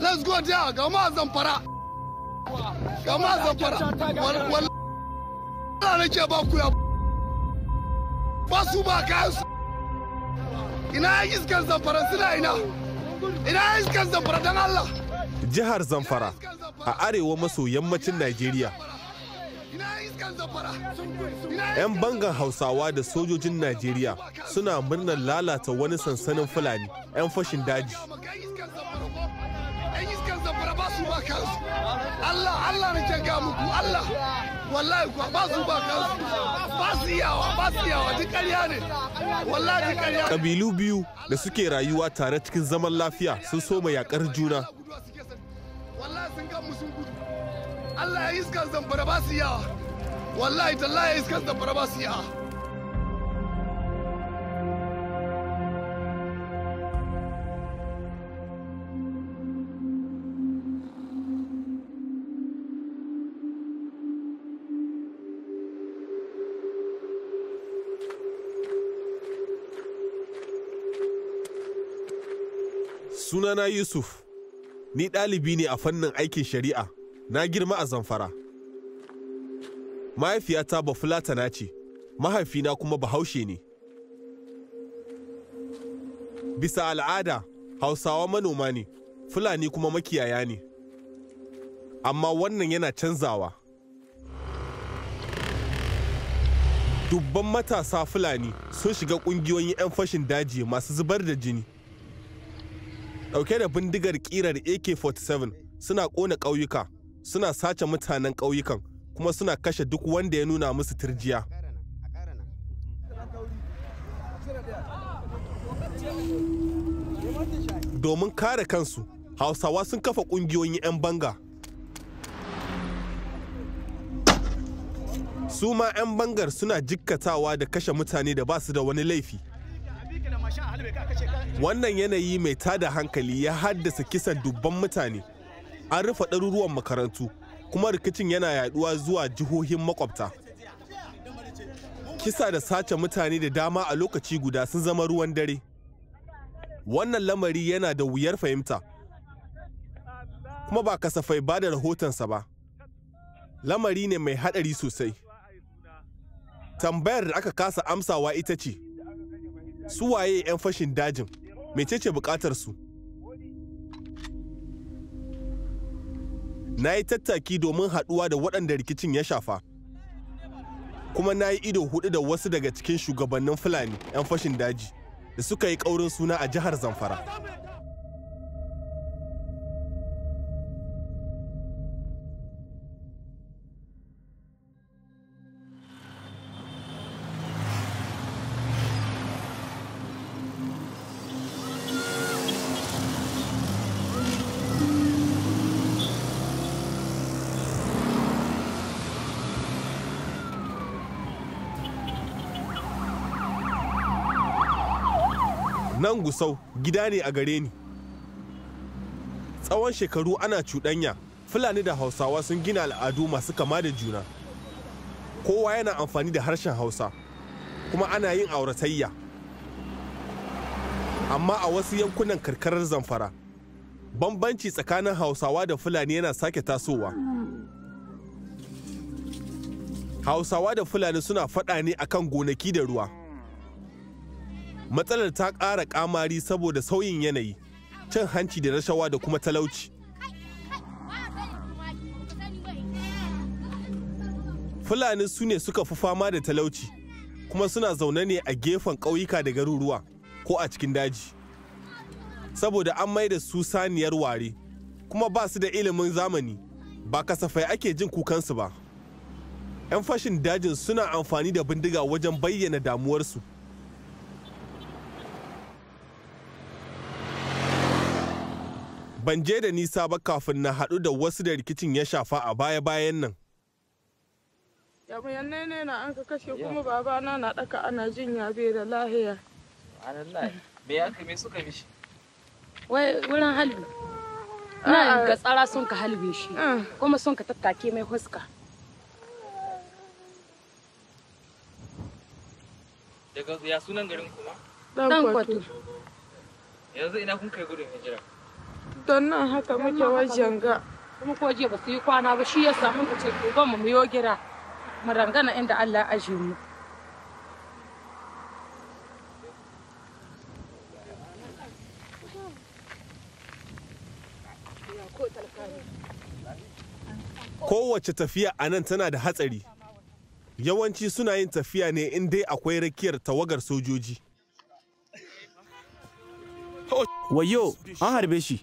let's go there ga ma zamfara ga ma zamfara wal nake ba ku ya ba su ba kayan su ina iskar zamfara suna ina ina iskar zamfara don Allah jihar zamfara a arewa maso yammacin Najeriya 'yan bangan hausawa da sojojin najeriya suna murnar lalata wani sansanin fulani 'yan fashin daji su muku Allah kabilu biyu da suke rayuwa tare cikin zaman lafiya sun soma yakar juna wallahi Allah ya zamfara ba su yawa wallahi tallahi ya zamfara ba su yawa Sunana Yusuf, ni ɗalibi ne a fannin aikin shari'a, na girma a zamfara. Mahaifiyata bafulatana ce, mahaifina kuma bahaushe ne. Bisa al'ada, Hausawa manoma ne, Fulani kuma makiyaya ne. Amma wannan yana canzawa. Dubban matasa Fulani sun shiga ƙungiyoyin 'yan fashin daji masu zubar da jini. Dauke da bindigar ƙirar AK-47 suna ƙona ƙauyuka, suna sace mutanen ƙauyukan, kuma suna kashe duk wanda ya nuna musu turjiya. Domin kare kansu, Hausawa sun kafa ƙungiyoyin 'yan banga. Su ma 'yan bangar suna jikkatawa da kashe mutane da ba su da wani laifi. Wannan yanayi mai tada hankali ya haddasa kisan dubban mutane. An rufe ɗaruruwan makarantu, kuma rikicin yana yaduwa zuwa jihohin makwabta. Kisa da sace mutane da dama a lokaci guda sun zama ruwan dare. Wannan lamari yana da wuyar fahimta, kuma ba kasafai ba da rahotonsa ba. Lamari ne mai haɗari sosai. Tambayar da aka kasa amsawa ita ce. su waye 'yan fashin dajin ce bukatar su na yi tattaki domin haɗuwa da waɗanda rikicin ya shafa kuma na yi ido hudu da wasu daga cikin shugabannin fulani 'yan fashin daji da suka yi ƙaurin suna a jihar zamfara nan gusau gida ne a gare ni tsawon shekaru ana cuɗanya fulani da hausawa sun gina al'adu masu kama da juna kowa yana amfani da harshen hausa kuma ana yin auratayya amma a wasu yankunan karkarar zamfara bambanci tsakanin hausawa da fulani yana sake tasowa hausawa da fulani suna faɗa ne akan gonaki da ruwa matsalar ta ƙara ƙamari saboda sauyin yanayi cin hanci da rashawa da kuma talauci fulani su ne suka fi fama da talauci kuma suna zaune ne a gefen ƙauyuka da garuruwa ko a cikin daji saboda an mai da su saniyar ware kuma ba su da ilimin zamani ba kasafai ake jin kukansu ba 'yan fashin dajin suna amfani da bindiga wajen bayyana damuwarsu Ban je da nisa ba kafin na haɗu da wasu da rikicin ya shafa a baya-bayan nan. Yamu yanne ne na an ka kashe kuma babana na ɗaka ana jin ya bai da lahiya. Me ya kame suka mishi? Wai wurin halbi. Na ah. ga tsara sun ka halbe shi ah. kuma sun ka tattake mai huska. Daga ya sunan garin kuma? Dan kwatu. Yanzu ina kun kai gudun hijira. don nan haka muke wajen ga kuma ko je ba su yi kwana ba shi ya samu ka ce ko mu mu gira mu rangana inda Allah ya aje mu Kowace tafiya a nan tana da hatsari. Yawanci suna yin tafiya ne in dai akwai rakiyar tawagar sojoji. Wayo, an harbe shi.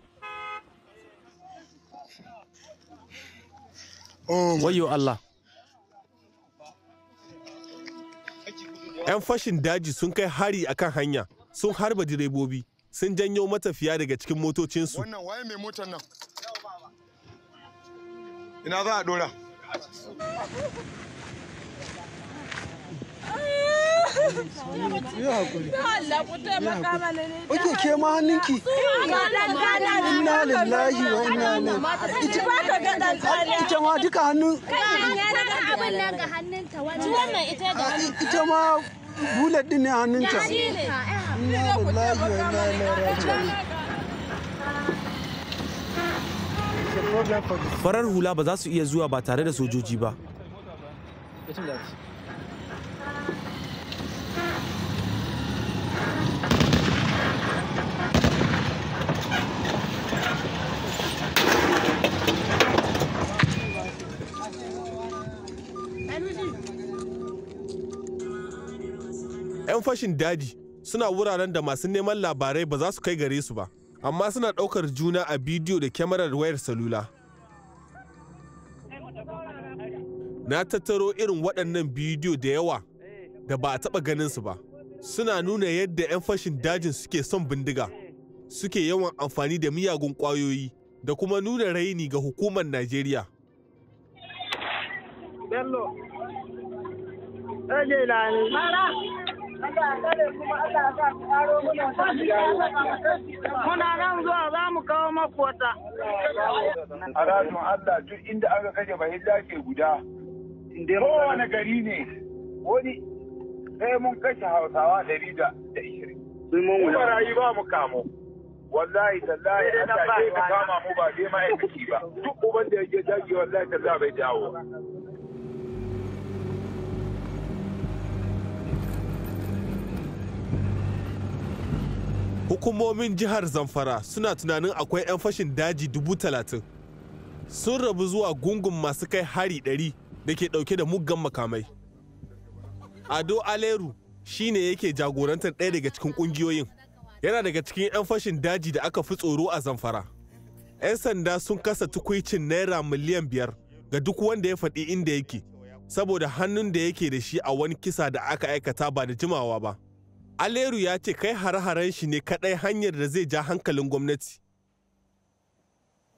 Um, wayo Allah yan fashin daji sun kai hari akan hanya sun harba direbobi sun janyo matafiya daga cikin motocinsu wannan waye mai ina za a dora ke Farar hula ba za su iya zuwa ba tare da sojoji ba. 'yan fashin daji suna wuraren da masu neman labarai ba za su kai gare su ba amma suna ɗaukar juna a bidiyo da kyamarar wayar salula na tattaro irin waɗannan bidiyo da yawa da ba a taɓa ganin su ba suna nuna yadda 'yan fashin dajin suke son bindiga suke yawan amfani da miyagun ƙwayoyi da kuma nuna raini ga hukumar najeriya Muna nan zuwa za mu kawo makota. A radon Allah duk inda aka kashe bahilla ke guda. Kowane gari ne wani sai mun kashe hausawa ɗari da ishirin. Kuma rayu ba mu kamo. Wallahi tallahi Allah sai ka kama mu ba dai ma'aikaci ba. Duk uban da ya yake daji wallahi tallahi bai dawo. hukumomin jihar zamfara suna tunanin akwai 'yan fashin daji dubu talatin sun rabu zuwa gungun masu kai hari ɗari da ke dauke da muggan makamai ado aleru shi ne yake jagorantar ɗaya daga cikin ƙungiyoyin yana daga cikin 'yan fashin daji da aka fi tsoro a zamfara 'yan sanda sun kasa tukwicin naira miliyan biyar ga duk wanda ya faɗi inda yake saboda hannun da yake da shi a wani kisa da aka aikata ba da jimawa ba Aleru ya ce kai hare-haren shi ne kaɗai hanyar da zai ja hankalin gwamnati.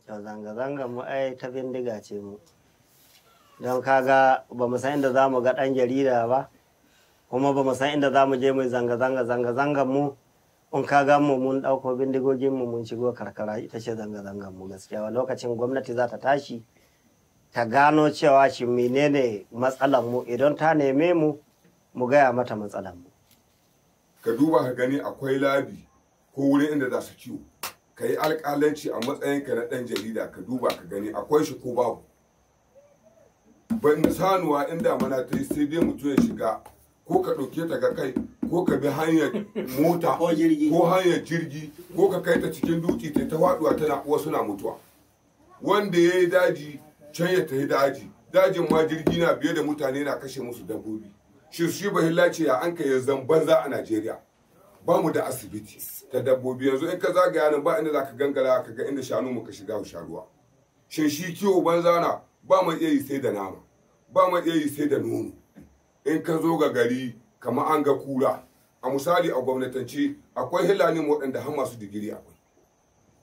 zanga zanga mu ai ta bindiga ce mu. Don kaga ba mu san inda za mu ga ɗan jarida ba, kuma ba mu san inda za mu je mu zanga-zanga zanga zanga mu. In kaga mu mun ɗauko bindigogin mu mun shigo karkara ita ce zanga-zangar mu gaskiya lokacin gwamnati za ta tashi ta gano cewa shi menene matsalar mu idan ta neme mu mu gaya mata matsalar mu. ka duba ka gani akwai labi ko wurin inda za su kiwo ka yi alƙalanci a matsayinka na ɗan jarida ka duba ka gani akwai shi ko babu ban sanuwa inda mana ta sai dai mutum ya shiga ko ka ɗauke ta ga kai ko ka bi hanyar mota ko hanyar jirgi ko ka kai ta cikin dutse ta ta faɗuwa tana uwa suna mutuwa wanda ya yi daji can ya ta daji dajin ma jirgi na biye da mutane na kashe musu dabbobi shi ba hillace ce ya an kai zan banza a Najeriya ba mu da asibiti ta dabbobi yanzu in ka zagaya nan ba inda zaka gangara ka ga inda shanu muka shiga sha ruwa shin kiwo banza na ba mu iya yi sai da nama ba mu iya yi sai da nono in ka zo ga gari kamar an ga kura a misali a gwamnatance akwai hilani waɗanda har masu digiri akwai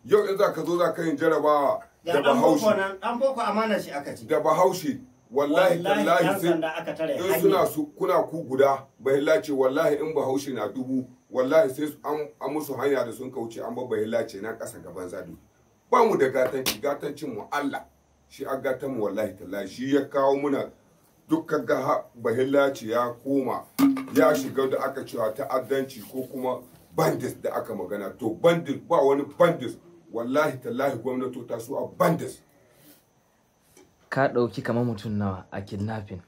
yau in za ka zo za ka yin jarabawa da bahaushe da bahaushe wallahi tallahi sai suna su kuna ku guda bahilla ce wallahi in bahaushe na dubu wallahi sai an musu hanya da sun kauce an ba bahilla ce na kasa gaban zadu ba mu da gatanci gatancin mu Allah shi a gatan mu wallahi tallahi shi ya kawo muna dukkan ga bahilla ce ya koma ya shiga da aka cewa ta'addanci ko kuma bandis da aka magana to bandits ba wani bandits wallahi tallahi gwamnatota su a bandits ka ɗauki kamar mutum nawa a kidnapping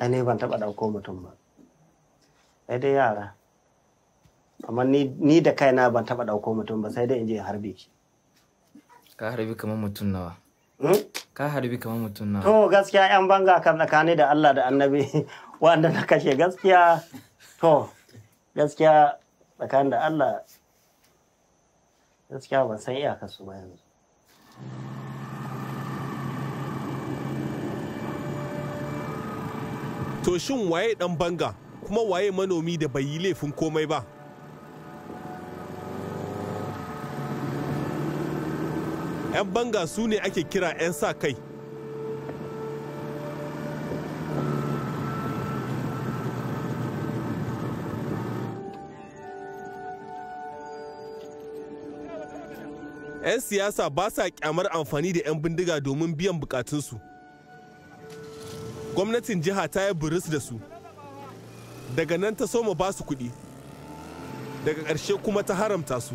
A ne ban taɓa ɗauko mutum ba sai dai yara amma ni da kaina ban taɓa ɗauko mutum ba sai dai in je harbe shi ka harbi kamar mutum nawa hmm? ka harbi kamar mutum nawa to gaskiya yan banga kan tsakani da Allah da annabi wanda na kashe gaskiya to gaskiya tsakanin da Allah gaskiya ban san iyakarsu ba yanzu to shin waye dan banga kuma waye manomi da bai yi laifin komai ba yan banga su ne ake kira yan sa kai yan siyasa ba sa kyamar amfani da yan bindiga domin biyan bukatunsu gwamnatin jiha ta yi buris da su daga nan ta soma ba su kuɗi daga ƙarshe kuma ta haramta su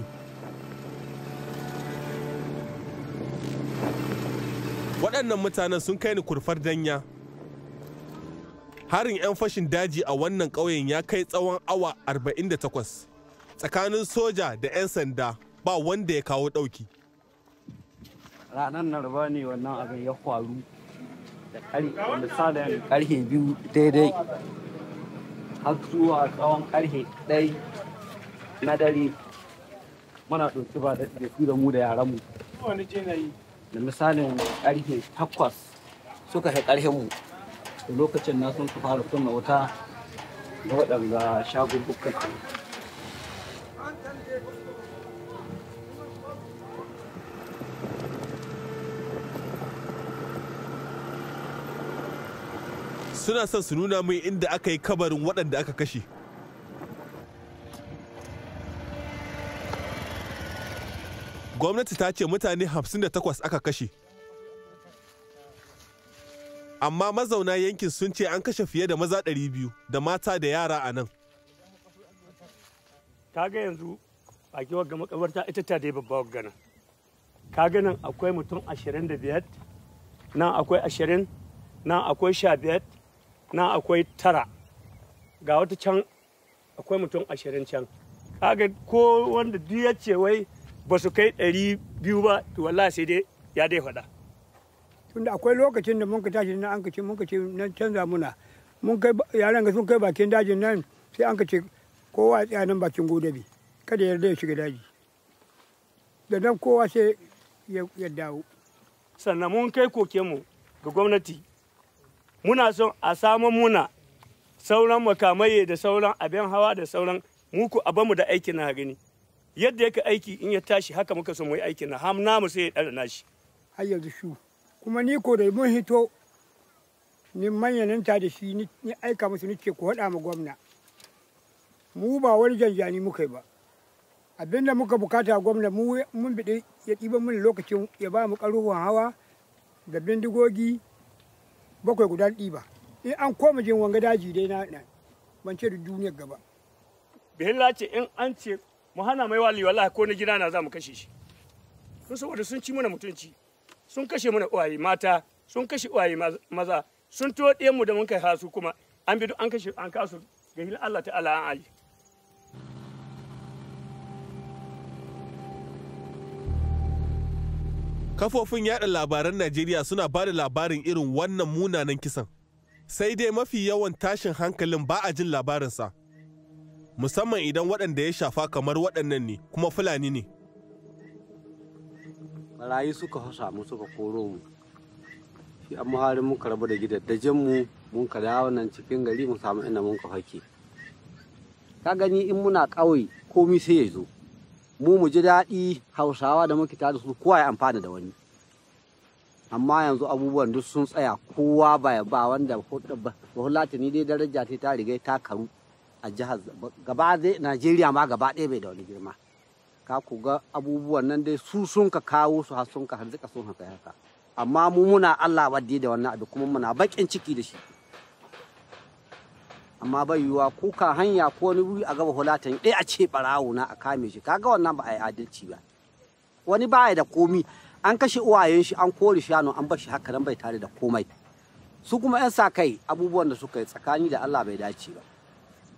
waɗannan mutanen sun kai ni kurfar danya harin 'yan fashin daji a wannan ƙauyen ya kai tsawon awa 48 tsakanin soja da 'yan sanda ba wanda ya kawo ɗauki ranar narba ne wannan abin ya faru misalin karhe biyu daidai har zuwa tsawon karfe ɗai na dare muna ɗauki ba da su da mu da yaran da misalin karfe takwas suka mu mu lokacin na sun fara kunna wuta da waɗanda shagulgukan suna son su nuna min inda aka yi kabarin waɗanda aka kashe gwamnati ta ce mutane 58 aka kashe amma mazauna yankin sun ce an kashe fiye da maza 200 da mata da yara a nan kaga yanzu baki ga makabarta ita ta dai babba wagga nan kaga nan akwai mutum 25 nan akwai 20 nan akwai na akwai tara ga wata can akwai mutum ashirin can kaga ko wanda duk ya ce wai ba su kai ɗari biyu ba to wallahi sai dai ya dai faɗa tunda akwai lokacin da mun ka tashi na an ka ce mun ka ce nan canza muna mun kai yaran ga sun kai bakin dajin nan sai an ka ce kowa ya tsaya nan bakin bi kada yarda ya shiga daji da nan kowa sai ya dawo sannan mun kai koke mu ga gwamnati muna son a samu muna sauran makamai da sauran abin hawa da sauran muku a bamu da aiki na gani yadda yake aiki in ya tashi haka muka so mu yi aiki na hamna mu sai ya dada nashi har yanzu shu kuma ni ko da mun hito ni manyananta da shi ni aika musu ni ce ku haɗa ma gwamna mu ba wani janjani muka ba abin da muka bukata gwamna mun biɗi ya ɗiba mun lokacin ya ba mu ƙarfin hawa da bindigogi bakwai guda ɗiba in an koma jin wanga daji dai na nan ban ce da duniyar gaba bihilla ce in an ce mu hana mai wali wallahi ko na gida na za mu kashe shi sun saboda sun ci mana mutunci sun kashe mana uwaye mata sun kashe uwaye maza sun tuwo mu da mun kai hasu kuma an bi an kashe an kasu ga Allah ta'ala an ali Kafofin yada labaran Najeriya suna ba da labarin irin wannan munanan kisan. Sai dai mafi yawan tashin hankalin ba a jin labarinsa. Musamman idan waɗanda ya shafa kamar waɗannan ne kuma Fulani ne. Barayi suka mu suka koro mu. Shi an muhari muka rabu da gidajen mu mun ka dawo nan cikin gari mu samu inda mun ka fake. Ka gani in muna ƙauye komi sai ya zo. mu mu ji daɗi hausawa da muke tare da su kowa ya amfana da wani amma yanzu abubuwan duk sun tsaya kowa ba ya ba wanda bahulata ni dai daraja ta ta riga ta karu a jihar gaba najeriya ma gaba ɗaya bai da wani girma ka ku ga abubuwan nan dai su sun ka kawo su har sun ka har zika sun haka amma mu muna allah wadde da wannan abu kuma muna baƙin ciki da shi amma bai yiwuwa kuka hanya ko wani wuri a gaba hulatan ɗaya eh, a ce ɓarawo na a kame shi kaga wannan ba a yi adalci ba wani baya da komi an kashe uwayen shi an kore shanu an bar shi haka nan bai tare da komai su kuma yan sa kai abubuwan da suka yi tsakani da Allah bai dace ba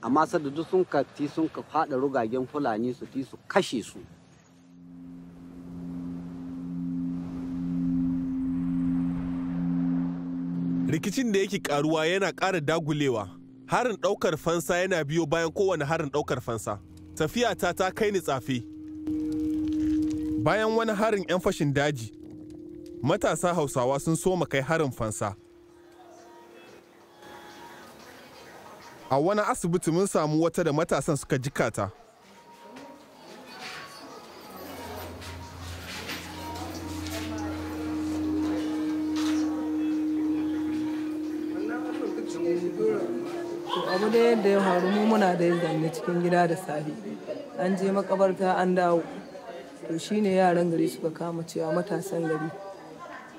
amma sadda duk sun ka ti sun ka fada rugagen fulani su ti su kashe su rikicin da yake karuwa yana ƙara dagulewa harin ɗaukar fansa yana biyo bayan kowane harin ɗaukar fansa tafiyata ta kai ni tsafe bayan wani harin 'yan fashin daji matasa hausawa sun so soma kai harin fansa a wani asibiti mun samu wata da matasan suka jikata gida da safe an je makabarta an dawo to shine yaran gari suka kama cewa matasan gari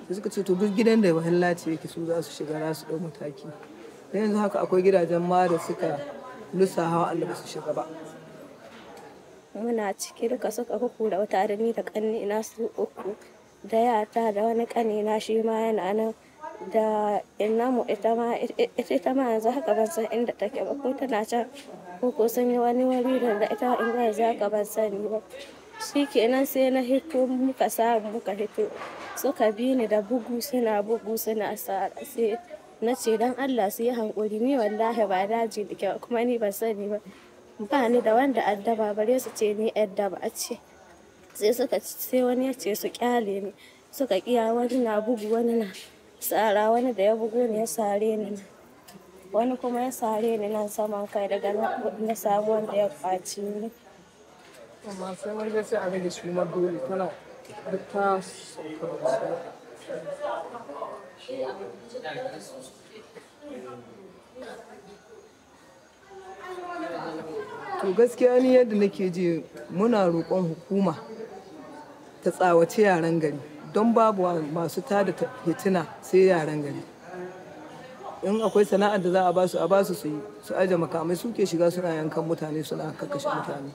da suka ce to duk gidan da wahalla ce yake su za su shiga za su ɗau mataki da yanzu haka akwai gidajen ma da suka lusa hawa Allah ba su shiga ba muna ciki duka suka da wata da ni da kanni ina su uku da yata da wani kanni na shi ma yana nan da ina mu ita ma yanzu haka ban san inda take ba ko tana can ko ko sun wani wani da ita in za ka ban sani ba shi kenan sai na hito muka samu muka hito suka bi ni da bugu suna bugu suna sara sai na ce don Allah su yi hankuri ni wallahi ba daji da kyau kuma ni ban sani ba ba ni da wanda addaba bare su ce ni addaba a ce sai suka sai wani ya ce su kyale ni suka kiya wani na bugu wani na tsara wani da ya bugu ne ya sare ni wani kuma ya sare ni nan saman kai daga na samu wanda ya kwaci ni amma sai wani zai sai a rage su ma dole tana duk ta to gaskiya ni yadda nake je muna roƙon hukuma ta tsawace yaran gari don babu masu tada fitina sai yaran gari in akwai sana'ar da za a basu a basu su yi su aje makamai suke shiga suna yankan mutane suna kakkashe mutane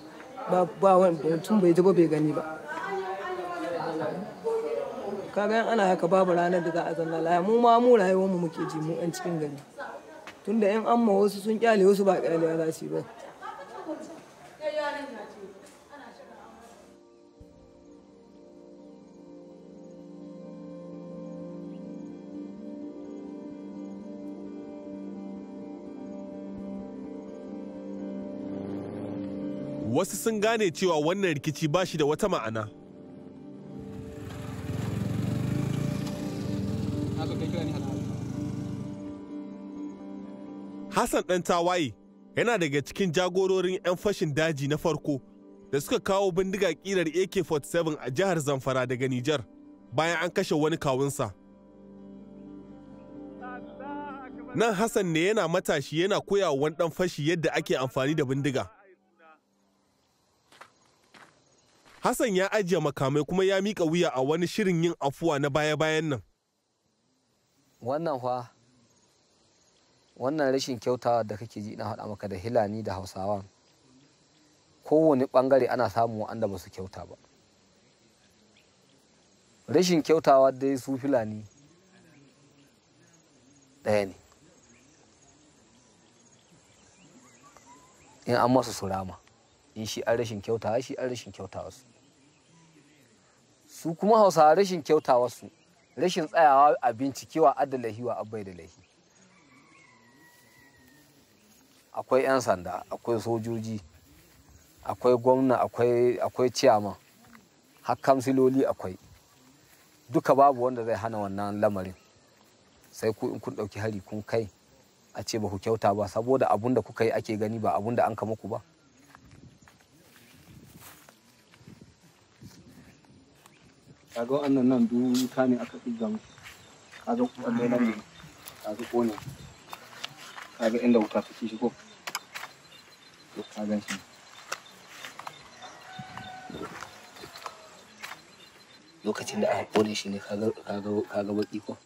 ba ba wani mutum bai ji bai gani ba kaga ana haka babu ranar da za a zanna laya mu ma mu rayuwar mu muke ji mu yan cikin gari tunda yan amma wasu sun kyale wasu ba kyale za su yi ba wasu sun gane cewa wannan rikici ba shi da wata ma'ana hassan ɗan tawaye yana daga cikin jagororin 'yan fashin daji na farko da suka kawo bindiga ƙirar ak-47 a jihar zamfara daga nijar bayan an kashe wani kawunsa nan hassan ne yana matashi yana koyawa wani ɗan fashi yadda ake amfani da bindiga Hassan ya ajiye makamai kuma ya miƙa wuya a wani shirin yin afuwa na baya-bayan nan. Wannan fa, wannan rashin kyautawa da kake ji na haɗa maka da Hilani da Hausawa. Kowane ɓangare ana samu wanda ba su kyauta ba. Rashin kyautawa dai su Filani ɗaya ne. In an masu surama in shi an rashin kyautawa shi an rashin kyautawa wasu. su kuma hausawa rashin kyautawa su rashin tsayawa a bincikewa adalahi wa abai da lahi akwai 'yan sanda akwai sojoji akwai gwamna akwai ciyama Hakan siloli akwai duka babu wanda zai hana wannan lamarin sai ku in kun ɗauki hari kun kai a ce ba ku kyauta ba saboda abun da kuka yi ake gani ba abun da an kama ku ba kaga wannan nan duk wuta ne aka ɗiga musu kaga kwalle nan ne kaga ƙone kaga inda wuta ta ci shigo to kaga shi lokacin da aka ƙone shi ne kaga baki ko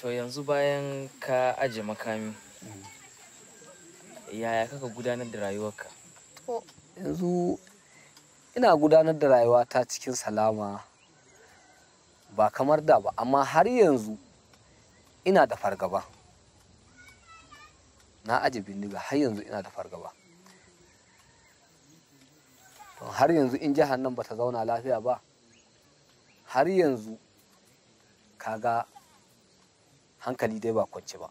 to yanzu bayan ka aje makami mm. yaya kaka gudanar da rayuwarka yanzu ina gudanar da rayuwata cikin salama ba kamar da ba amma har yanzu ina da fargaba na aje bindiga har yanzu ina da fargaba to har yanzu in jihar nan ba ta zauna lafiya ba har yanzu kaga hankali dai ba kwance ba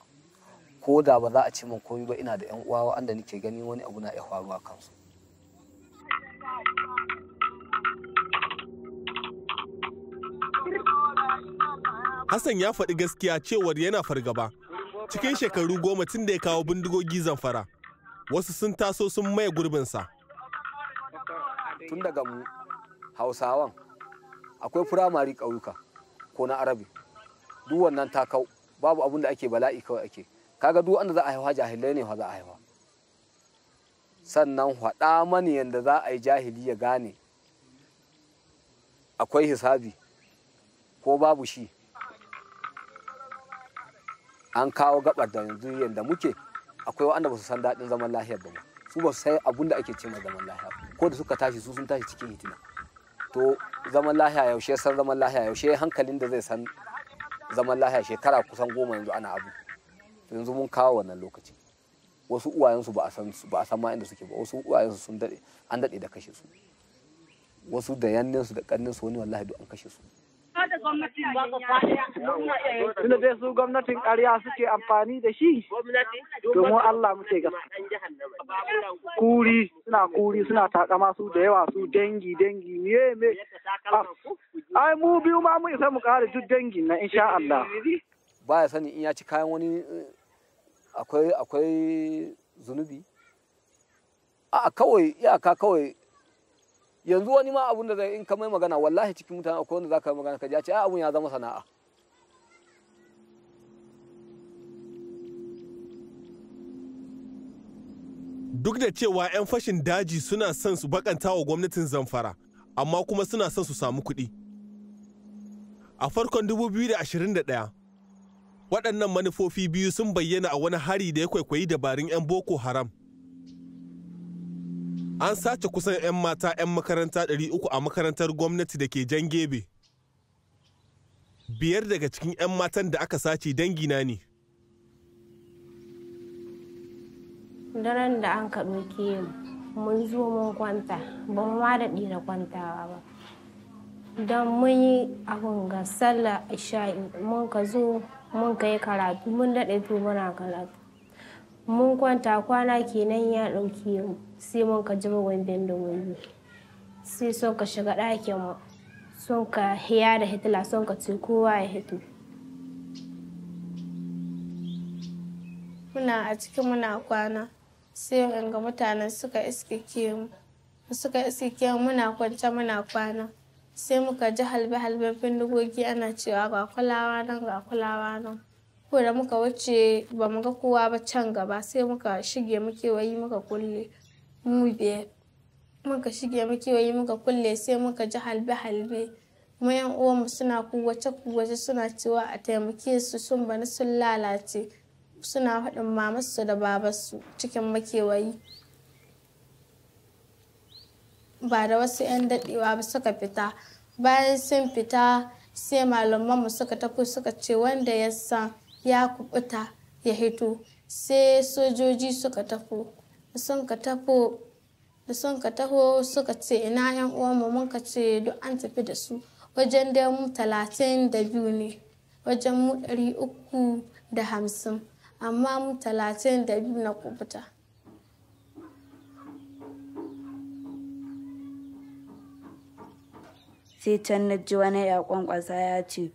ko da ba za a ce min komai ba ina da 'yan uwa wanda nake gani wani abu na iya faruwa kansu Hassan ya faɗi gaskiya cewar yana fargaba. Cikin shekaru goma tun da ya kawo bindigogi zamfara, wasu sun taso sun maye gurbinsa. Tun daga mu Hausawan akwai firamari ƙauyuka ko na Arabi. Duk wannan takau babu abin da ake bala'i kawai ake. Kaga duk wanda za a haifa jahilai ne za a haifa. Sannan faɗa mani yadda za a yi jahili ya gane akwai hisabi ko babu shi. an kawo gabar da yanzu yadda muke akwai wanda ba su san daɗin zaman lahiyar ba su ba su san abin da ake cewa zaman lahiya ko da suka tashi su sun tashi cikin hitina to zaman lahiya yaushe san zaman lahiya yaushe hankalin da zai san zaman lahiya shekara kusan goma yanzu ana abu yanzu mun kawo wannan lokaci wasu uwayensu ba a san ba a san ma inda suke ba wasu uwayensu sun dade an dade da kashe su wasu da yanninsu da kanninsu wani wallahi duk an kashe su da gwamnatin ba gaba daya. dai su gwamnatin ƙarya suke amfani da shi domin Allah muke gasa. Kuri suna kuri suna takama su da yawa su dangi dangi ne me. Ai mu biyu ma mu isa mu ƙara duk dangin na insha Allah. Ba ya sani in ya ci kayan wani akwai akwai zunubi. A kawai iyaka kawai yanzu wani ma abun da zai in ka mai magana wallahi cikin mutane akwai wanda zaka magana ka ji a ce ah, abun ya zama sana'a duk da cewa 'yan fashin daji suna son su bakanta wa gwamnatin zamfara amma kuma suna son su samu kuɗi a farkon 2021 waɗannan manufofi biyu sun bayyana a wani hari da ya kwaikwayi dabarun 'yan boko haram an sace kusan 'yan mata 'yan makaranta 300 a makarantar gwamnati da ke jan gebe biyar daga cikin 'yan matan da aka sace dangina ne daren da an ka ɗauke mun zo mun kwanta ba mu ma da da kwantawa ba don mun yi abin ga sallah sha'i mun ka zo mun ka yi karatu mun daɗe to muna karatu mun kwanta kwana kenan ya ɗauke mu sai mun ka ji mugun da wani sai son ka shiga ɗakin mu son ka hiya da hitila son ka ce kowa ya hito muna a cikin muna kwana sai in ga mutanen suka iskike mu suka iskike mu muna kwance muna kwana sai muka ji halbe-halben bindigogi ana cewa ga kulawa nan ga kulawa nan ko da muka wuce ba mu ga kowa ba can gaba sai muka shige muke wayi muka kulle mu biyar muka shige makewayi muka kulle sai muka ji halbe-halbe kuma yan uwanmu suna kuwace-kuwace suna cewa a taimake su sun bani sun lalace suna faɗin mamasu da babasu cikin makewayi ba da wasu 'yan daɗewa ba suka fita bayan sun fita sai mu suka tafi suka ce wanda ya san ya kubuta ya hito sai sojoji suka tafi da sun ka taho suka ce ina yan uwanmu mun ka ce duk an tafi da su wajen da mu talatin da biyu ne wajen mu ɗari uku da hamsin amma mu talatin da biyu na kubuta sai can na ji wani ya kwankwasa ya ce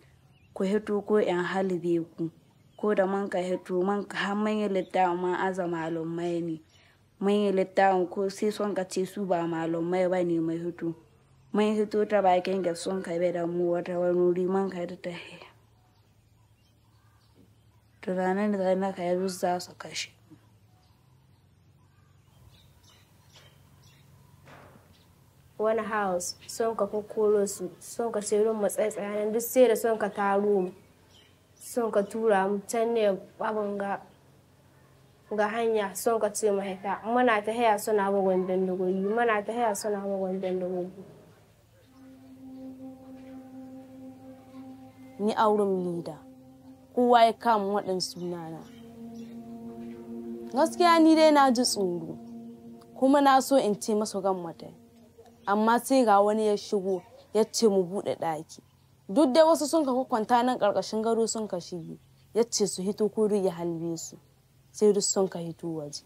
ku hito ko yan halibe ku ko da man ka hito man ka har yi littafin man alummai ne mun yi littafin ko sai sun ka ce su ba malamai ba ne mai hutu mun hito ta bakin ga sun ka bai da mu wata wani wuri mun ka ta tunanin da na ka yanzu za su kashe wani house son ka kokoro su son ka sai rumma tsaye-tsaye duk sai da son ka taro son ka tura mu can ne babanga. ga ga hanya sun ka ce mahita muna ta haya suna da bindigogi muna ta haya suna da bindigogi ni auren lida kowa ya kama waɗin na. gaskiya ni dai na ji tsoro kuma na so in ce masu gan mata amma sai ga wani ya shigo ya ce mu buɗe ɗaki duk dai wasu sun ka kwanta nan ƙarƙashin gado sun ka shige ya ce su hito ko ya halbe su sai duk sun ka hito waje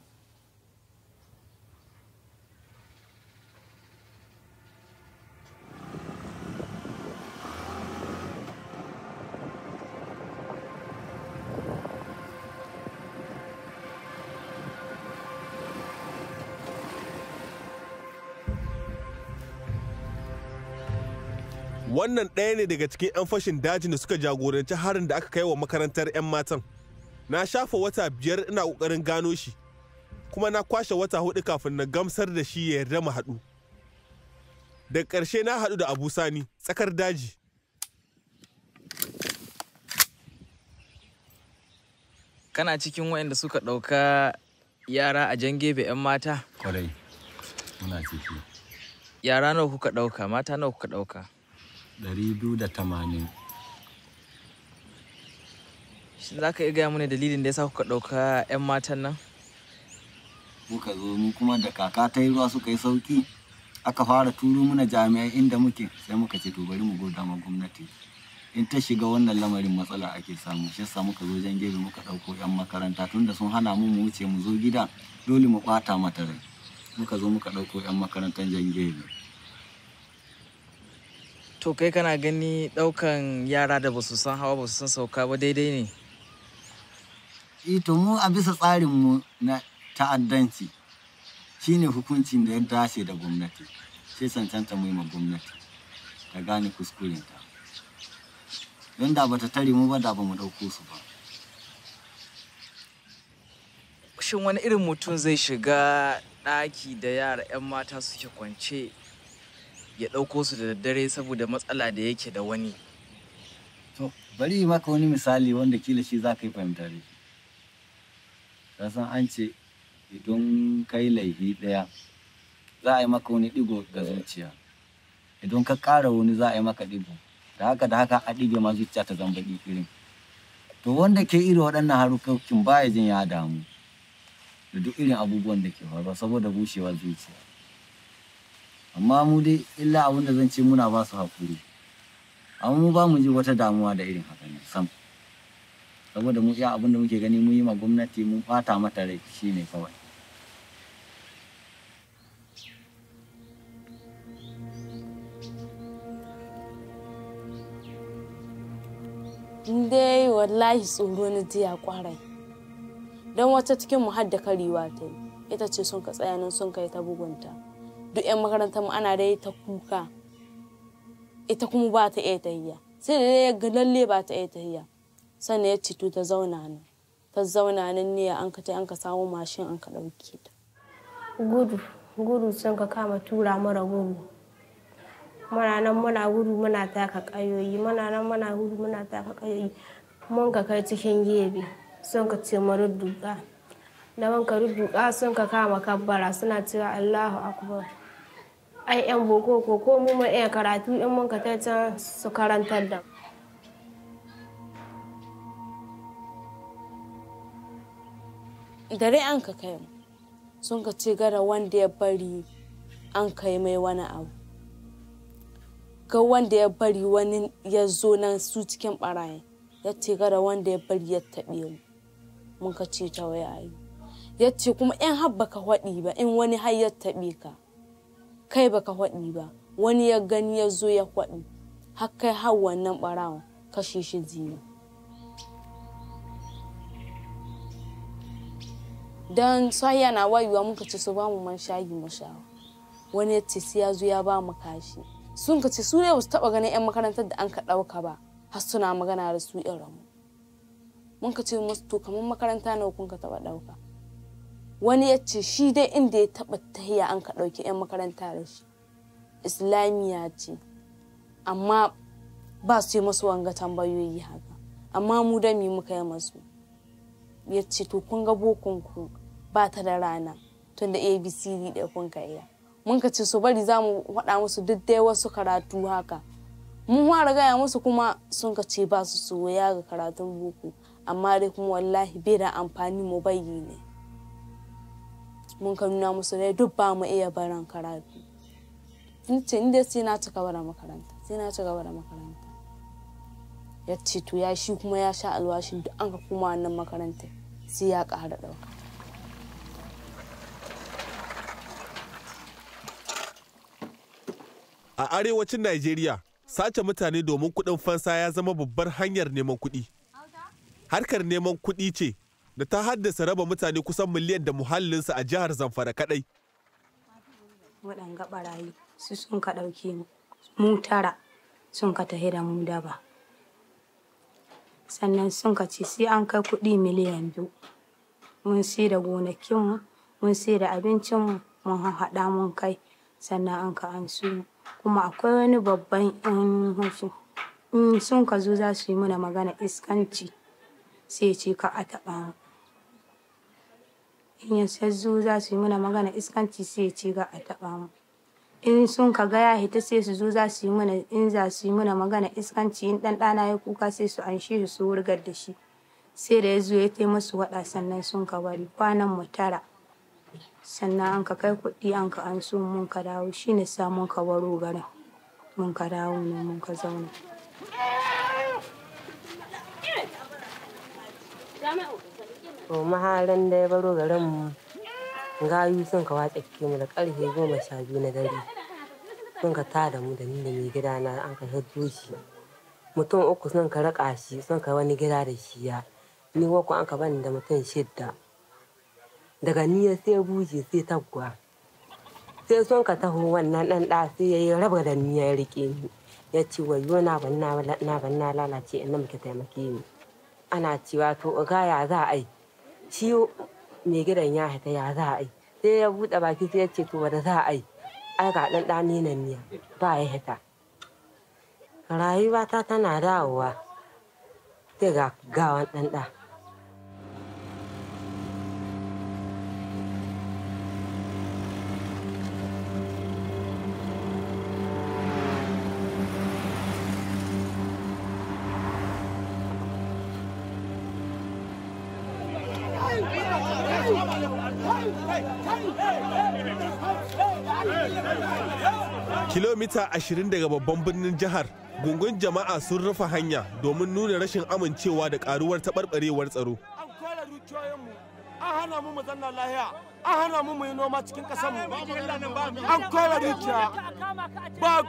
wannan ɗaya ne daga cikin 'yan fashin dajin da suka jagoranci harin da aka kai wa makarantar 'yan matan. na shafa wata biyar ina ƙoƙarin gano shi kuma na kwashe wata hudu kafin na gamsar da shi ya yarda mu haɗu da ƙarshe na haɗu da abu sani tsakar daji kana cikin waɗanda suka ɗauka yara a jan gebe 'yan mata? Kwarai, muna ciki. Yara nawa kuka ɗauka, mata nawa kuka ɗauka? Ɗari biyu da tamanin. Shin za ka iya gaya mana dalilin da ya sa kuka ɗauka 'yan matan nan? Muka zo mu kuma da kaka ta yi ruwa suka yi sauki. Aka fara turo muna jami'ai inda muke sai muka ce to bari mu goda ma gwamnati. In ta shiga wannan lamarin matsala ake samu shi yasa muka zo jan gebe muka ɗauko 'yan makaranta tunda sun hana mu mu wuce mu zo gida dole mu ɓata mata rai. Muka zo muka ɗauko 'yan makarantar jan gebe. To kai kana gani ɗaukan yara da su san hawa su san sauka ba daidai ne? Eh, to mu a bisa tsarinmu na ta'addanci shine hukuncin da ya dace da gwamnati sai cancanta mu yi ma gwamnati ta gane kuskurenta don da bata tare mu ba da ba mu ɗauko su ba shin wani irin mutum zai shiga ɗaki da yara 'yan mata suke kwance ya ɗauko su da daddare saboda matsala da yake da wani to bari maka wani misali wanda kila shi za ka yi fahimtare kasan an ce idan ka laifi ɗaya za a yi maka wani ɗigo ga zuciya idan ka ƙara wani za a yi maka ɗigo da haka da haka a ɗige ma zuciya ta zamba irin to wanda ke irin waɗannan harukokin baya jin ya damu da duk irin abubuwan da ke faruwa saboda bushewar zuciya amma mu dai illa abin da zan ce muna ba su haƙuri amma mu ba mu ji wata damuwa da irin haka ne sam saboda mu iya abin da muke gani mu yi ma gwamnati mu fata mata rai shi ne kawai dai wallahi tsoro na jiya kwarai don wata cikin mu hadda karewa ta yi ita ce sun ka tsaya nan sun kai ta bugunta duk 'yan makaranta mu ana dai ta kuka ita kuma ba ta iya tahiya sai da dai ga lalle ba ta iya tahiya sannan ya citu ta zauna nan ta zauna nan ne an ka ta an ka samu mashin an ka ɗauke ta gudu gudu sun ka kama tura mara gudu muna nan muna gudu muna taka ƙayoyi muna nan muna gudu muna taka ƙayoyi mun ka kai cikin gebe sun ka ce mu rudduka da mun ka rudduka sun ka kama kabbara suna cewa allahu akbar ai yan boko ko ko mu mun iya karatu in mun ka ta can su karantar da mu dare an ka kai mu sun ka ce gara wanda ya bari an kai mai wani abu ga wanda ya bari wani ya zo nan su cikin barayin ya ce gara wanda ya bari ya taɓe mu mun ka ce ta waya yi ya ce kuma in har baka haɗi ba in wani har ya taɓe ka kai baka haɗi ba wani ya gani ya zo ya haɗi har kai har wannan ɓarawa kashe shi zina don soyayya na wayewa muka ce su bamu man shagi mu sha wani ya ce sai ya zo ya bamu kashi sun ka ce su ne ba su taɓa ganin 'yan makarantar da an ka ɗauka ba har suna magana da su irin mu mun ka ce musu to kamar makaranta nawa kun ka taɓa ɗauka wani ya ce shi dai inda ya taba tahiya an ka ɗauki 'yan makaranta da shi islamiya ce amma ba su yi masu wanga tambayoyi haka amma mu da muka yi masu ya ce to kun ga bokon ku ba ta da rana tunda abcd ɗaya e, kun ka iya mun ka ce su bari za mu faɗa musu duk dai wasu karatu haka mun fara gaya musu kuma sun ka ce ba su soya ga karatun boko amma dai kuma wallahi bai da amfani mu bayi ne mun ka nuna musu dai duk ba mu iya baran karatu in ce ni dai sai na ci gaba da makaranta sai na ci gaba da makaranta ya ce to ya shi kuma ya sha alwashin duk an ka kuma wannan makaranta sai ya ƙara ɗauka A arewacin Najeriya, sace mutane domin kuɗin fansa ya zama babbar hanyar neman kuɗi. Harkar neman kuɗi ce da ta haddasa raba mutane kusan miliyan da muhallinsu a jihar Zamfara kaɗai. Waɗanga ɓarayi su sun ka ɗauki mu, mu tara sun ka tahi da mu daba. Sannan sun ka ce sai an kai kuɗi miliyan biyu. Mun sai da gonakinmu, mun sai da abincinmu, mun haɗa mun kai, sannan an ka an su kuma akwai wani babban 'yan fashi in sun ka zo za su yi mana magana iskanci sai ce ka a taɓa mu. In ya zo za su yi mana magana iskanci sai ce ka a taɓa mu. In sun ka ga ya hita sai su zo za su yi mana in za su yi mana magana iskanci in ɗan ɗana ya kuka sai su an shi su wurgar da shi. Sai da ya zo ya taimasu musu waɗa sannan sun ka bari kwanan mu tara. sannan an ka kai kuɗi an ka an so mun ka dawo shi ne sa mun ka waro garin mun ka dawo ne mun ka zauna to maharan da ya baro garin mu gayu sun ka watsa mu da ƙarfe goma sha biyu na dare sun ka tada mu da ni da mai gida na an ka hajjo shi mutum uku sun ka raƙa shi sun ka wani gida da shi ya ni wako an ka bani da mutum shidda daga niya sai buje sai tagwa sai son ka taho wannan ɗanɗa da sai ya raba da niya ya rike ni ya ce na ban na lalace ina muke taimake ni ana cewa to ga ya za a yi shi me gidan ya haita ya za a yi sai ya buɗe baki sai ya ce to wanda za a yi ai ga dan da ni niya ba ya haita rayuwata tana dawowa sai ga gawan ɗanɗa. da mita 20 daga babban birnin jihar gungun jama'a sun rufe hanya domin nuna rashin amincewa da karuwar taɓarɓarewar tsaro. an hana mu mu zanna lahiya an hana yi noma cikin ƙasar mu an kora dukiya ba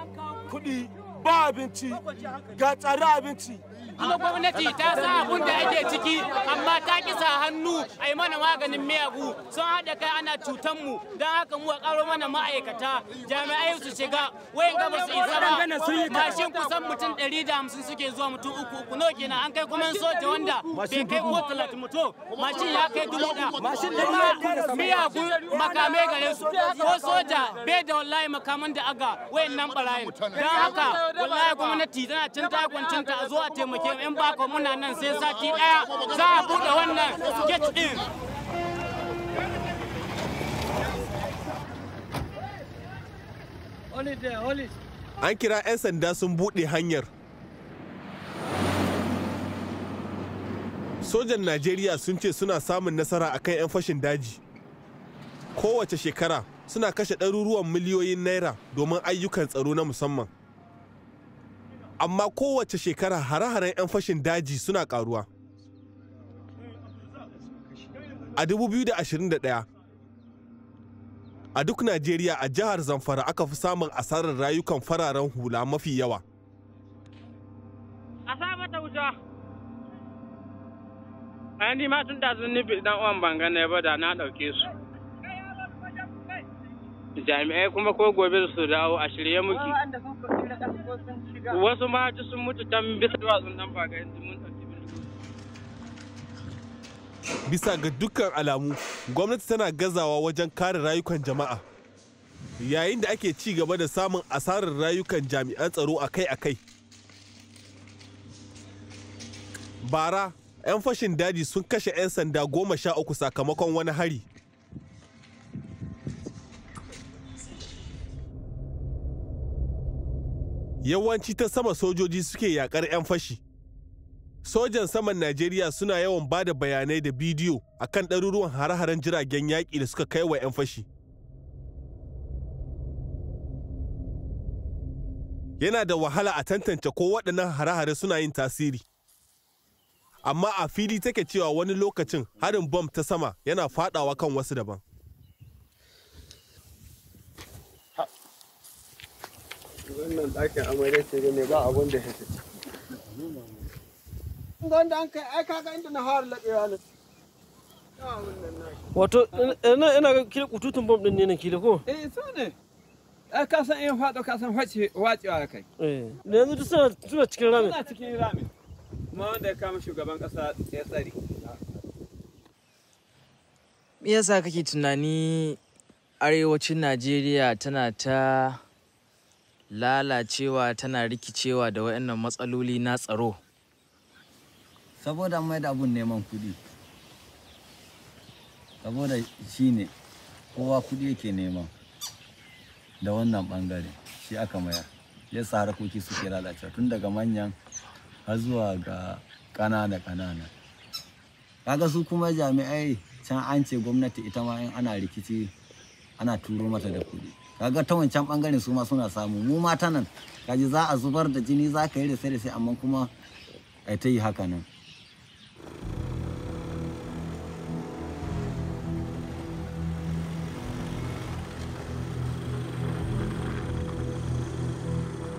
kuɗi ba abinci ga tsare abinci kuma gwamnati ta sa abun da ake ciki amma ta kisa hannu a yi mana maganin miyagu sun haɗa kai ana cutan mu don haka mu a ƙaro mana ma'aikata jami'ai su shiga wayan gaba su isa ba mashin kusan mutum ɗari da hamsin suke zuwa mutum uku uku no kenan an kai kuma soja wanda bai kai ko talatin mutum mashin ya kai dubu da kuma miyagu makame gare su ko soja bai da wallahi makaman da aga wayan nan barayin don haka wallahi gwamnati tana cinta kwancinta a zo a taimaki ke bako muna nan sai sati daya za a bude wannan gate din An kira 'yan sanda sun buɗe hanyar. Sojan Najeriya sun ce suna samun nasara akan 'yan fashin daji. Kowace shekara suna kashe ɗaruruwan miliyoyin naira domin ayyukan tsaro na musamman. amma kowace shekara hare-haren 'yan fashin daji suna karuwa. A 2021, a duk Najeriya a jihar Zamfara aka fi samun asarar rayukan fararen hula mafi yawa. A sa mata da sun nufi dan uwan na ya bada na ɗauke su. Jami'ai kuma ko gobe su dawo a shirye muke. wasu ma ji sun mutu can bisa duwatsun nan ba ga yanzu mun ɗauki bisa ga dukkan alamu gwamnati tana gazawa wajen kare rayukan jama'a yayin da ake ci gaba da samun asarar rayukan jami'an tsaro akai-akai bara 'yan fashin daji sun kashe 'yan sanda goma sha uku sakamakon wani hari yawanci ta sama sojoji suke yakar 'yan fashi. Sojan saman Najeriya suna yawan ba da bayanai da bidiyo a kan ɗaruruwan hare-haren jiragen yaƙi da suka kai wa 'yan fashi. Yana da wahala a tantance ko waɗannan hare-hare suna yin tasiri. Amma a fili take cewa wani lokacin harin bom ta sama yana faɗawa kan wasu daban. wannan ɗakin amarya ce ne ba abun da hita don da an kai ai kaga inda na fara laɓewa ne wato ina ina kila kututun bom din ne nan kila ko eh so ne ai ka san in faɗo ka san wace wacewa kai eh yanzu duk suna suna cikin rami. suna cikin ramin kuma wanda ya kama shugaban ƙasa ya tsari. me yasa kake tunani arewacin najeriya tana ta lalacewa tana rikicewa da waɗannan matsaloli na tsaro saboda mai da abun neman kuɗi saboda shi ne kowa kuɗi yake nema da wannan ɓangare shi aka mayar ya sa harkoki suke lalacewa tun daga manyan har zuwa ga ƙanana ƙanana kaga su kuma jami'ai can an ce gwamnati ita ma in ana rikici ana turo mata da kuɗi kaga ta wancan bangaren su ma suna samu mu mata nan kaji za a zubar da jini za ka yi da sai sai amma kuma ai ta yi haka nan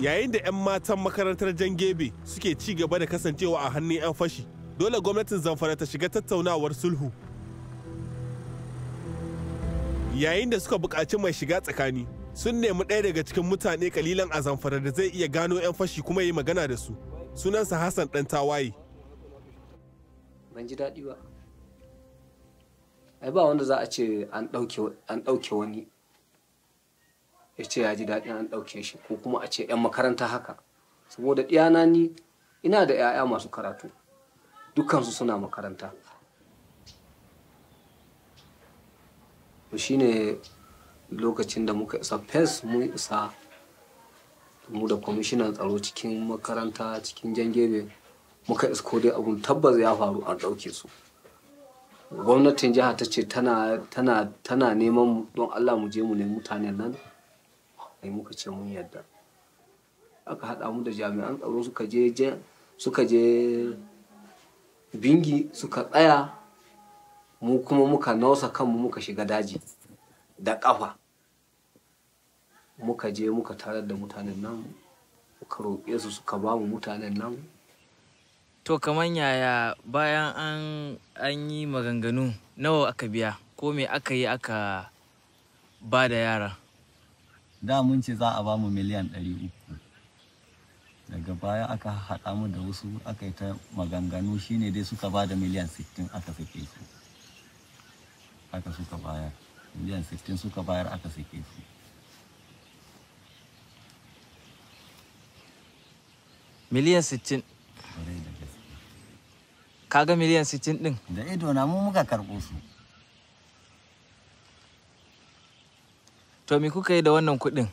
yayin da 'yan matan makarantar jangebe suke ci gaba da kasancewa a hannun 'yan fashi dole gwamnatin zamfara ta shiga tattaunawar sulhu yayin da suka bukaci mai shiga tsakani sun nemi ɗaya daga cikin mutane kalilan a zamfara da zai iya gano 'yan fashi kuma yi magana da su sunansa hassan ɗan tawaye ban ji daɗi ba ai ba wanda za a ce an ɗauke wani ya ce ya ji daɗi an ɗauke shi ko kuma a ce 'yan makaranta haka saboda ɗiyana ni ina da 'ya'ya masu karatu dukansu suna makaranta shine lokacin da muka isa fes mun isa mu da kwamishinan tsaro cikin makaranta cikin jangebe muka isko dai abun tabbas ya faru a ɗauke su gwamnatin jiha ta ce tana neman don allah mu je mu ne mutanen nan ai muka ce mun yadda aka haɗa mu da jami'an tsaro suka je bingi suka tsaya mu kuma muka nausa kanmu muka shiga daji da ƙafa muka je muka tarar da mutanen nan muka roƙe su suka ba mu mutanen nan to kamar yaya bayan an an yi maganganu nawa aka biya ko me aka yi aka ba da yara da mun ce za a ba mu miliyan ɗari uku daga baya aka haɗa mu da wasu aka yi ta maganganu shine dai suka ba da miliyan sittin aka sake su haka suka bayar miliyan 16 suka bayar aka sake su miliyan 60 kaga miliyan 60 din da ido na mu muka karbo su to me kuka yi da wannan kudin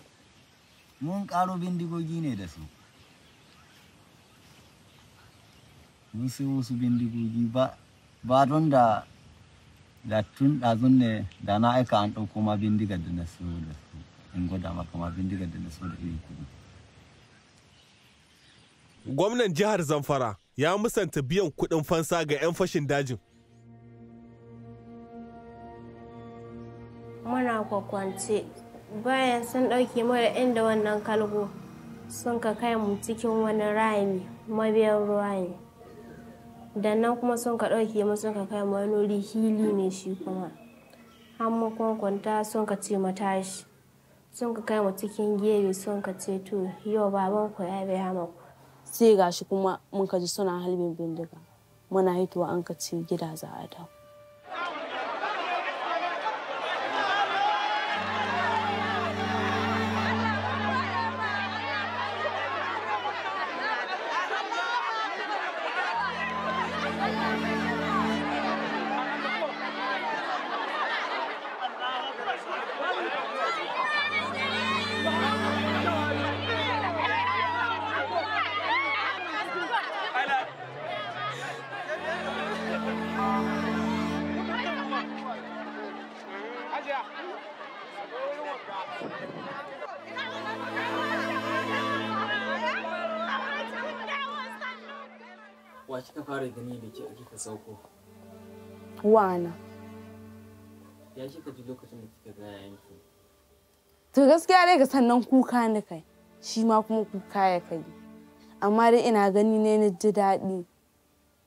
mun karo bindigogi ne da su mun sai wasu bindigogi ba ba don da da tun ɗazun ne da na aika an ɗauko ma bindigar da na su da su in gwada maka ma bindigar da na so da irin kuɗi. Gwamnan jihar Zamfara ya musanta biyan kuɗin fansa ga 'yan fashin dajin. Muna kwakwance bayan sun ɗauke mara inda wannan kalgo sun ka kai mu cikin wani rami mabiyan ruwa ne. da nan kuma sun ka ɗauke masu sun ka kai wani hili ne shi kuma har kwankwanta sun ka ce ma tashi sun ka kai mu cikin gebe sun ka ce to yau baban ku ya hama ku sai gashi kuma mun ka ji suna halbin bindiga muna hitowa an ka ce gida za a dawo sauko? Wana. Ya ji To gaskiya dai sannan kuka ni kai, shi ma kuma kuka ya kai. Amma dai ina gani ne na ji daɗi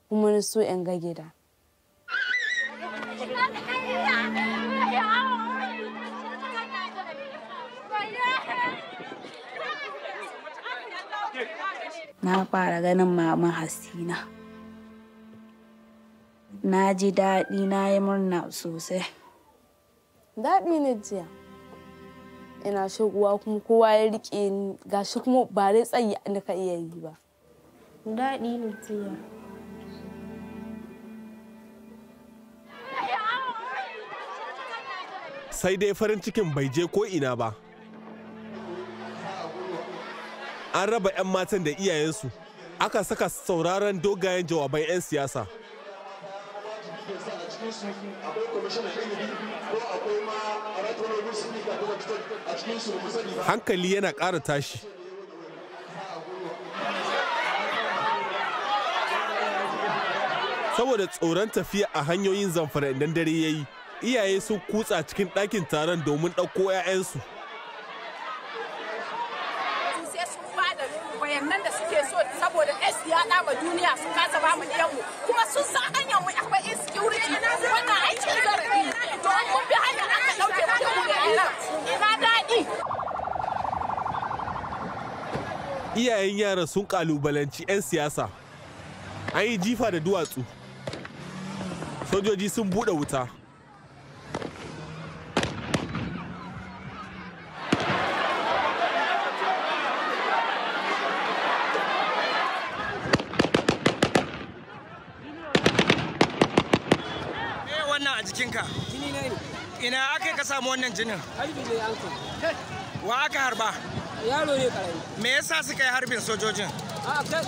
kuma na so in ga gida. Na fara ganin mama Hasina. na ji daɗi na yi murna sosai daɗi ne jiya ina shigowa kuma kowa ya rike ni ga shi kuma ba dai tsayi da ka iya yi ba daɗi ne jiya sai dai farin cikin bai je ko ina ba an raba 'yan matan da iyayensu aka saka sauraron dogayen jawaban 'yan siyasa hankali yana ƙara tashi saboda tsoron tafiya a hanyoyin zamfara idan dare ya yi iyaye sun kutsa cikin ɗakin taron domin ɗauko 'ya'yansu su yaɗa ma duniya sun kasa ba mu kuma sun san hanyar mu akwai insecurity wannan aikin zarafi to mun bi hanyar aka ɗauke mu da mu ina daɗi. Iyayen yaran sun kalubalanci 'yan siyasa. An yi jifa da duwatsu. Sojoji sun buɗe wuta. jininka jini na ne ina aka ka samu wannan jinin ne an wa aka harba yaro ne karami me yasa suka yi harbin sojojin a kai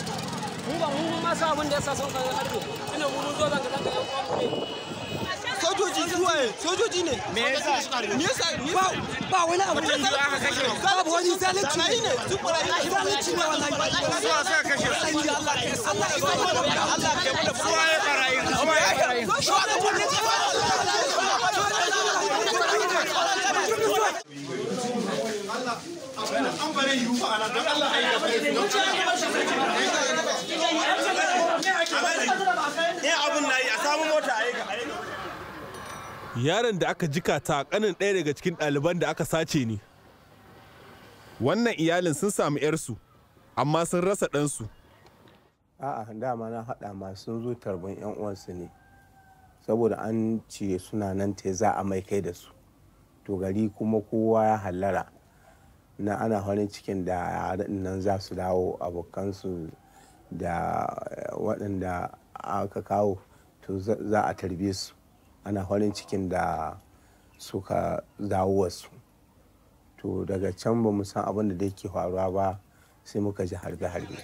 mu ba mu ma sa abin da yasa sun kai harbi ina mu zo zan ga yan sojoji ne sojoji ne me yasa me yasa ba ba wani abu ne da aka kashe wani zalunci ne su kula yi zalunci ne wallahi su aka kashe Allah Allah ya Allah ya ya yaron da aka jika ta kanin ɗaya daga cikin ɗaliban da aka sace ne wannan iyalin sun samu 'yarsu amma sun rasa ɗansu a'a dama na haɗa ma sun zo tarban 'yan uwansu ne saboda an ce suna nan te za a mai kai da su to gari kuma kowa ya hallara na ana farin cikin da nan za su dawo abokansu da waɗanda aka kawo to za a tarbe su ana farin cikin da suka dawo wasu to daga can ba san abin da da ke faruwa ba sai muka ji harbe-harbe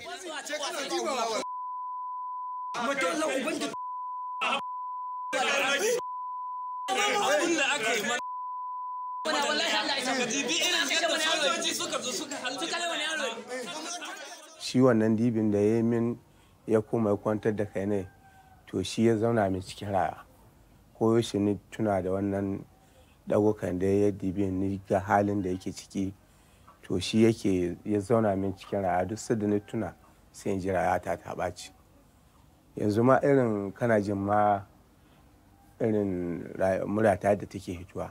da aka mana wallahi Allah ya dibi irin yadda sojoji suka zo suka wani yaro shi wannan dibin da ya min ya kuma ya kwantar da kai ne to shi ya zauna min cikin raya ko yaushe ni tuna da wannan dagokan da ya dibi ni ga halin da yake ciki to shi yake ya zauna min cikin raya duk sadda ni tuna sai in ji raya ta ta ɓaci yanzu ma irin kana jin ma irin murata da take hituwa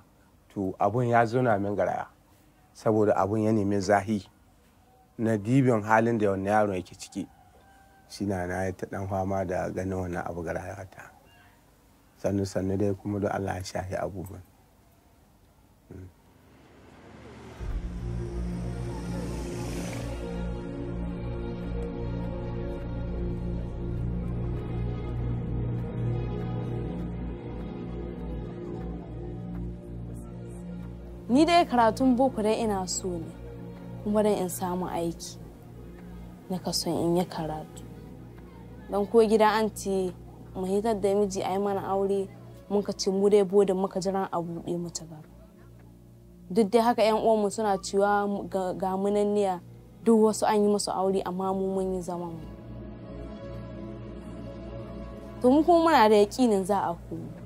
to abun ya zauna min garaya saboda abun ya nemi zahi na dibin halin da wani yaron yake ciki shi na na ta dan fama da ganin wannan abu ta sannu sannu dai kuma da Allah ya shahi abubuwan ni dai karatun boko dai ina so ne kuma dan in samu aiki na kaso in yi karatu dan ko gida anti mu hitar da miji a mana aure mun ka ce mu dai bodin muka jiran a buɗe mu ta duk dai haka yan uwanmu suna cewa ga munanniya duk wasu an yi musu aure amma mu mun yi zaman mu to mu kuma muna da yaƙinin za a koyi.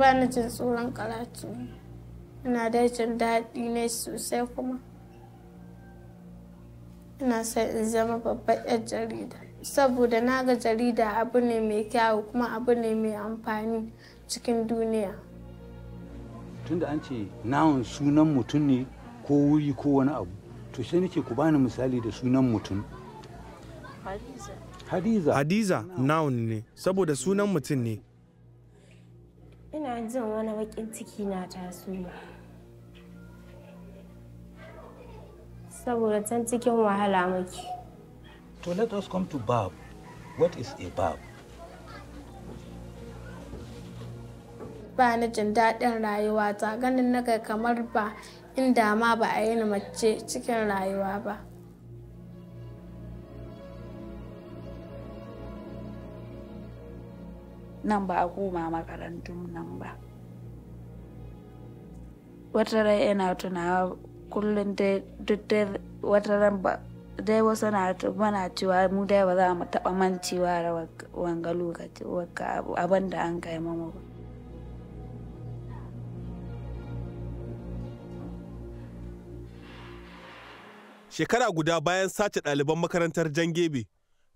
ba jin tsoron karatu ina da jin daɗi ne sosai kuma ina sai in zama babbar 'yar jarida saboda na ga jarida abu ne mai kyawu kuma abu ne mai amfani cikin duniya tunda an ce nawon sunan mutum ne ko wuri ko wani abu to sai nake ku bani misali da sunan mutum hadiza hadiza noun ne saboda sunan mutum ne ina jin wani bakin ciki na taso saboda can cikin wahala muke to let us come to bab what is a bab ba na jin daɗin rayuwa ta ganin naga kamar ba inda ma ba a yi mace cikin rayuwa ba nan ba a koma makarantun nan ba wata rai yana tunawa kullum wata ran ba dai wasu na mana cewa mu dai ba za mu taɓa mancewa da wanga lokaci abin da an kai mamu ba shekara guda bayan sace ɗaliban makarantar jangebe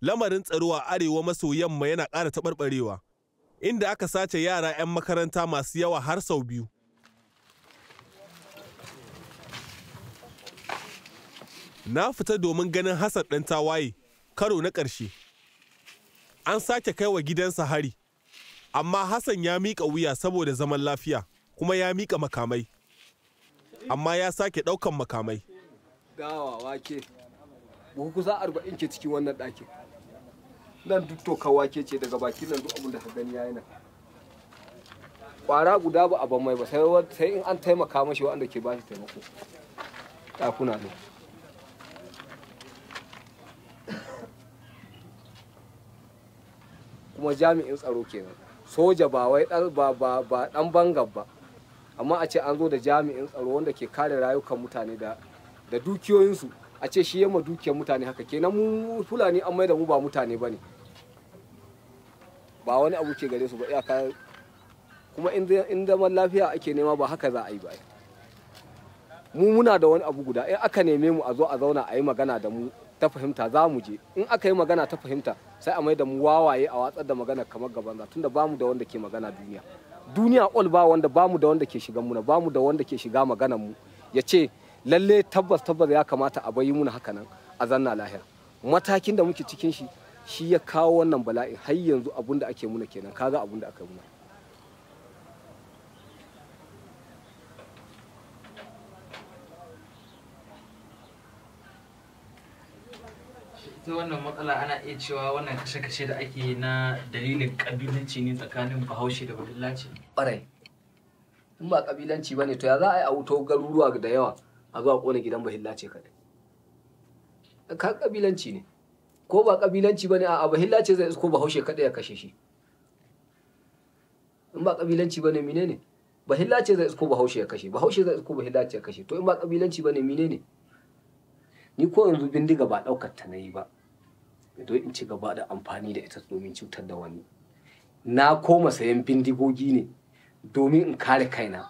lamarin tsaro a arewa maso yamma yana ƙara taɓarɓarewa inda aka sace yara 'yan makaranta masu yawa har sau biyu. Na fita domin ganin Hassan ɗan tawaye karo na ƙarshe. An sake kai wa gidansa hari, amma Hassan ya miƙa wuya saboda zaman lafiya kuma ya miƙa makamai. Amma ya sake ɗaukan makamai. Gawa wake, buhu kusa arba'in ke cikin wannan ɗakin. nan duk toka wake ce daga bakin nan duk abin da ka gani yayi nan kwara guda ba a ban mai ba sai in an taimaka mashi anda ke ba shi taimako dakuna ne kuma jami'in tsaro kenan soja ba wai ba dan bangar ba amma a ce an zo da jami'in tsaro wanda ke kare rayukan mutane da da dukiyoyinsu a ce shi yamma dukiyar mutane haka kenan mu fulani an mai da mu ba mutane ba ne ba wani abu ke gare su ba iyaka kuma in zaman lafiya ake nema ba haka za a yi ba mu muna da wani abu guda in aka neme mu a zo a zauna a yi magana da mu ta fahimta za mu je in aka yi magana ta fahimta sai a mai da mu wawaye a watsar da magana kamar gaban za tunda bamu da wanda ke magana duniya duniya all ba wanda bamu da wanda ke shiga muna bamu da wanda ke shiga maganar mu ya ce lalle tabbas tabbas ya kamata a bayi muna haka nan a zanna lahira matakin da muke cikin shi shi ya kawo wannan bala'in har yanzu abun da ake muna kenan kaga abun da aka muna ita wannan matsala ana iya cewa wannan kashe-kashe da ake na dalilin kabilanci ne tsakanin bahaushe da badillaci ɓarai in ba kabilanci ba ne to ya za a yi a wuto garuruwa da yawa a zuwa kona gidan bahillaci kadai ka kabilanci ne ko ba kabilanci bane a abu hilla ce zai isko haushe kada ya kashe shi in ba kabilanci bane menene bahilla ce zai isko haushe ya kashe ba haushe zai isko ba ce ya kashe to in ba kabilanci bane menene ni ko yanzu bindiga ba daukar ta nayi ba to in ci gaba da amfani da ita domin cutar da wani na koma sayan bindigogi ne domin in kare kaina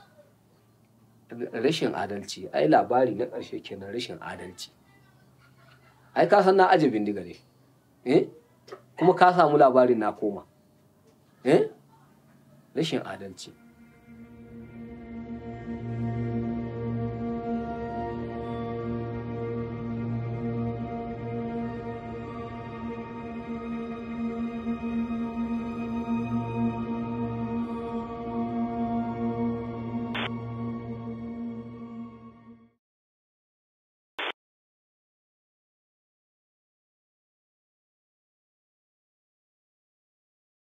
rashin adalci ai labari na ƙarshe kenan rashin adalci ai ka san na aje bindiga ne eh kuma ka samu labarin na koma eh rashin adalci